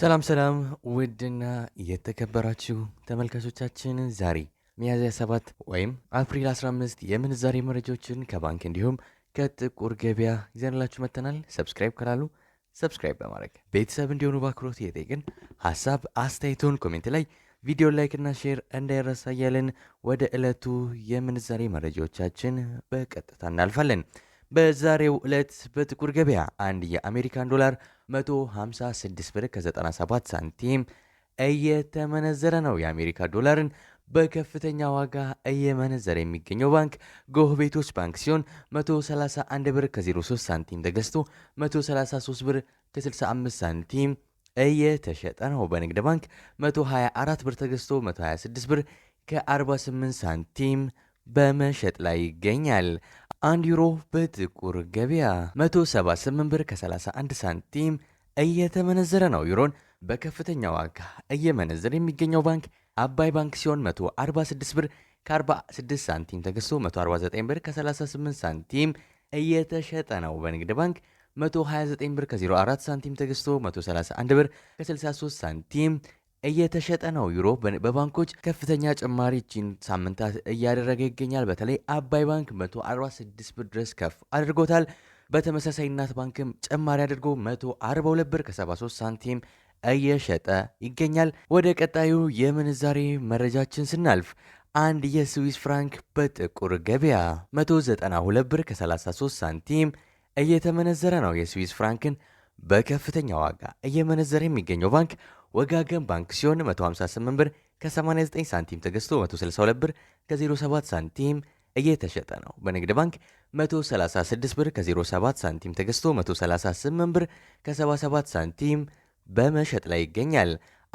ሰላም ሰላም ውድና የተከበራችሁ ተመልካቾቻችን ዛሬ ሚያዝያ 7 ወይም አፕሪል 15 የምንዛሬ መረጃዎችን ከባንክ እንዲሁም ከጥቁር ገበያ ይዘንላችሁ መጥተናል። ሰብስክራይብ ካላሉ ሰብስክራይብ በማድረግ ቤተሰብ እንዲሆኑ በአክብሮት እየጠየቅን ሀሳብ አስተያየቶን ኮሜንት ላይ ቪዲዮ ላይክና ሼር እንዳይረሳ ወደ ዕለቱ የምንዛሬ መረጃዎቻችን በቀጥታ እናልፋለን። በዛሬው ዕለት በጥቁር ገበያ አንድ የአሜሪካን ዶላር 156 ብር ከ97 ሳንቲም እየተመነዘረ ነው። የአሜሪካ ዶላርን በከፍተኛ ዋጋ እየመነዘረ የሚገኘው ባንክ ጎህ ቤቶች ባንክ ሲሆን 131 ብር ከ03 ሳንቲም ተገዝቶ 133 ብር ከ65 ሳንቲም እየተሸጠ ነው። በንግድ ባንክ 124 ብር ተገዝቶ 126 ብር ከ48 ሳንቲም በመሸጥ ላይ ይገኛል። አንድ ዩሮ በጥቁር ገበያ 178 ብር ከ31 ሳንቲም እየተመነዘረ ነው። ዩሮን በከፍተኛ ዋጋ እየመነዘረ የሚገኘው ባንክ አባይ ባንክ ሲሆን 146 ብር ከ46 ሳንቲም ተገዝቶ 149 ብር ከ38 ሳንቲም እየተሸጠ ነው። በንግድ ባንክ 129 ብር ከ04 ሳንቲም ተገዝቶ 131 ብር ከ63 ሳንቲም እየተሸጠ ነው። ዩሮ በባንኮች ከፍተኛ ጭማሪ ቺን ሳምንታት እያደረገ ይገኛል። በተለይ አባይ ባንክ 146 ብር ድረስ ከፍ አድርጎታል። በተመሳሳይ እናት ባንክም ጭማሪ አድርጎ 142 ብር ከ73 ሳንቲም እየሸጠ ይገኛል። ወደ ቀጣዩ የምንዛሬ መረጃችን ስናልፍ አንድ የስዊስ ፍራንክ በጥቁር ገበያ 192 ብር ከ33 ሳንቲም እየተመነዘረ ነው። የስዊስ ፍራንክን በከፍተኛ ዋጋ እየመነዘረ የሚገኘው ባንክ ወጋገን ባንክ ሲሆን 158 ብር ከ89 ሳንቲም ተገዝቶ 162 ብር ከ07 ሳንቲም እየተሸጠ ነው። በንግድ ባንክ 136 ብር ከ07 ሳንቲም ተገዝቶ 138 ብር ከ77 ሳንቲም በመሸጥ ላይ ይገኛል።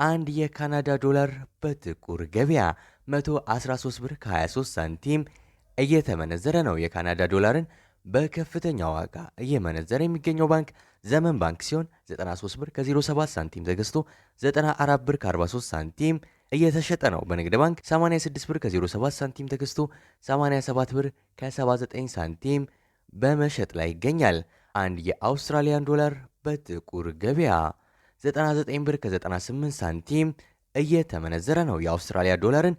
አንድ የካናዳ ዶላር በጥቁር ገበያ 113 ብር ከ23 ሳንቲም እየተመነዘረ ነው። የካናዳ ዶላርን በከፍተኛ ዋጋ እየመነዘረ የሚገኘው ባንክ ዘመን ባንክ ሲሆን 93 ብር ከ07 ሳንቲም ተገዝቶ 94 ብር ከ43 ሳንቲም እየተሸጠ ነው። በንግድ ባንክ 86 ብር ከ07 ሳንቲም ተገዝቶ 87 ብር ከ79 ሳንቲም በመሸጥ ላይ ይገኛል። አንድ የአውስትራሊያን ዶላር በጥቁር ገበያ 99 ብር ከ98 ሳንቲም እየተመነዘረ ነው። የአውስትራሊያ ዶላርን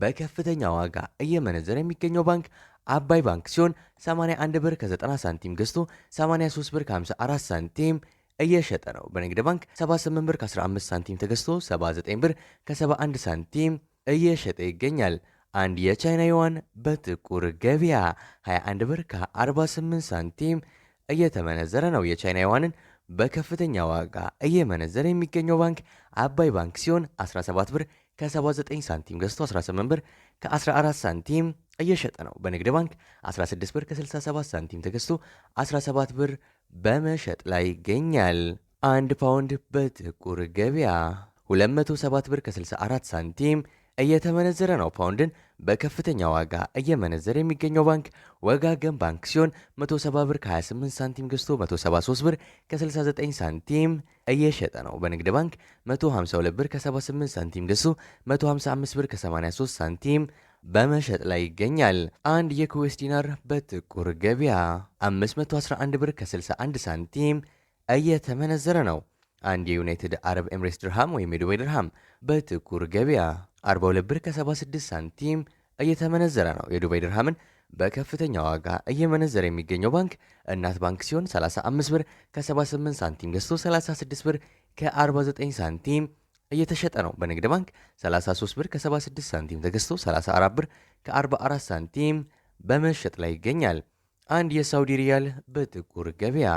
በከፍተኛ ዋጋ እየመነዘረ የሚገኘው ባንክ አባይ ባንክ ሲሆን 81 ብር ከ90 ሳንቲም ገዝቶ 83 ብር ከ54 ሳንቲም እየሸጠ ነው። በንግድ ባንክ 78 ብር ከ15 ሳንቲም ተገዝቶ 79 ብር ከ71 ሳንቲም እየሸጠ ይገኛል። አንድ የቻይና ዩዋን በጥቁር ገበያ 21 ብር ከ48 ሳንቲም እየተመነዘረ ነው። የቻይና ዩዋንን በከፍተኛ ዋጋ እየመነዘረ የሚገኘው ባንክ አባይ ባንክ ሲሆን 17 ብር ከ79 ሳንቲም ገዝቶ 18 ብር ከ14 ሳንቲም እየሸጠ ነው። በንግድ ባንክ 16 ብር ከ67 ሳንቲም ተገዝቶ 17 ብር በመሸጥ ላይ ይገኛል። አንድ ፓውንድ በጥቁር ገበያ 207 ብር ከ64 ሳንቲም እየተመነዘረ ነው። ፓውንድን በከፍተኛ ዋጋ እየመነዘረ የሚገኘው ባንክ ወጋገን ባንክ ሲሆን 170 ብር ከ28 ሳንቲም ገዝቶ 173 ብር ከ69 ሳንቲም እየሸጠ ነው። በንግድ ባንክ 152 ብር ከ78 ሳንቲም ገዝቶ 155 ብር ከ83 ሳንቲም በመሸጥ ላይ ይገኛል። አንድ የኩዌስ ዲናር በጥቁር ገበያ 511 ብር ከ61 ሳንቲም እየተመነዘረ ነው። አንድ የዩናይትድ አረብ ኤምሬስ ድርሃም ወይም የዱባይ ድርሃም በጥቁር ገበያ 42 ብር ከ76 ሳንቲም እየተመነዘረ ነው። የዱባይ ድርሃምን በከፍተኛ ዋጋ እየመነዘረ የሚገኘው ባንክ እናት ባንክ ሲሆን 35 ብር ከ78 ሳንቲም ገዝቶ 36 ብር ከ49 ሳንቲም እየተሸጠ ነው። በንግድ ባንክ 33 ብር ከ76 ሳንቲም ተገዝቶ 34 ብር ከ44 ሳንቲም በመሸጥ ላይ ይገኛል። አንድ የሳውዲ ሪያል በጥቁር ገበያ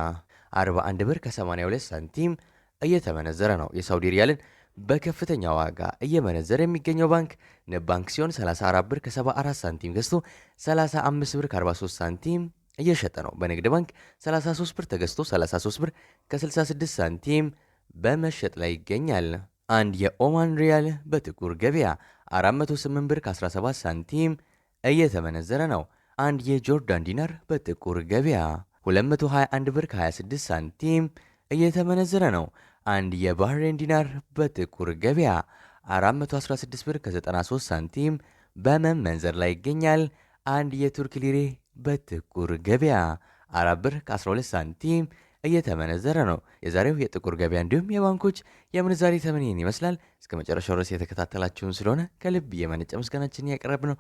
41 ብር ከ82 ሳንቲም እየተመነዘረ ነው። የሳውዲ ሪያልን በከፍተኛ ዋጋ እየመነዘረ የሚገኘው ባንክ ንብ ባንክ ሲሆን 34 ብር ከ74 ሳንቲም ገዝቶ 35 ብር ከ43 ሳንቲም እየሸጠ ነው። በንግድ ባንክ 33 ብር ተገዝቶ 33 ብር ከ66 ሳንቲም በመሸጥ ላይ ይገኛል። አንድ የኦማን ሪያል በጥቁር ገበያ 408 ብር ከ17 ሳንቲም እየተመነዘረ ነው። አንድ የጆርዳን ዲናር በጥቁር ገበያ 221 ብር ከ26 ሳንቲም እየተመነዘረ ነው። አንድ የባህሬን ዲናር በጥቁር ገበያ 416 ብር ከ93 ሳንቲም በመመንዘር ላይ ይገኛል። አንድ የቱርክ ሊሬ በጥቁር ገበያ 4 ብር ከ12 ሳንቲም እየተመነዘረ ነው። የዛሬው የጥቁር ገበያ እንዲሁም የባንኮች የምንዛሬ ተመን ይህን ይመስላል። እስከ መጨረሻው ድረስ የተከታተላችሁን ስለሆነ ከልብ የመነጨ ምስጋናችን ያቀረብ ነው።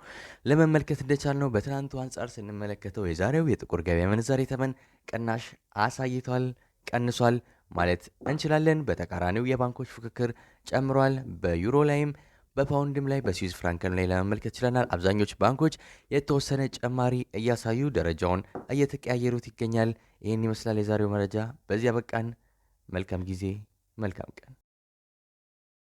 ለመመልከት ነው በትናንቱ አንጻር ስንመለከተው የዛሬው የጥቁር ገበያ ምንዛሬ ተመን ቅናሽ አሳይቷል፣ ቀንሷል ማለት እንችላለን። በተቃራኒው የባንኮች ፉክክር ጨምሯል። በዩሮ ላይም በፓውንድም ላይ በስዊዝ ፍራንክን ላይ ለመመልከት ችለናል። አብዛኞቹ ባንኮች የተወሰነ ጭማሪ እያሳዩ ደረጃውን እየተቀያየሩት ይገኛል። ይህን ይመስላል የዛሬው መረጃ። በዚያ በቃን መልካም ጊዜ፣ መልካም ቀን።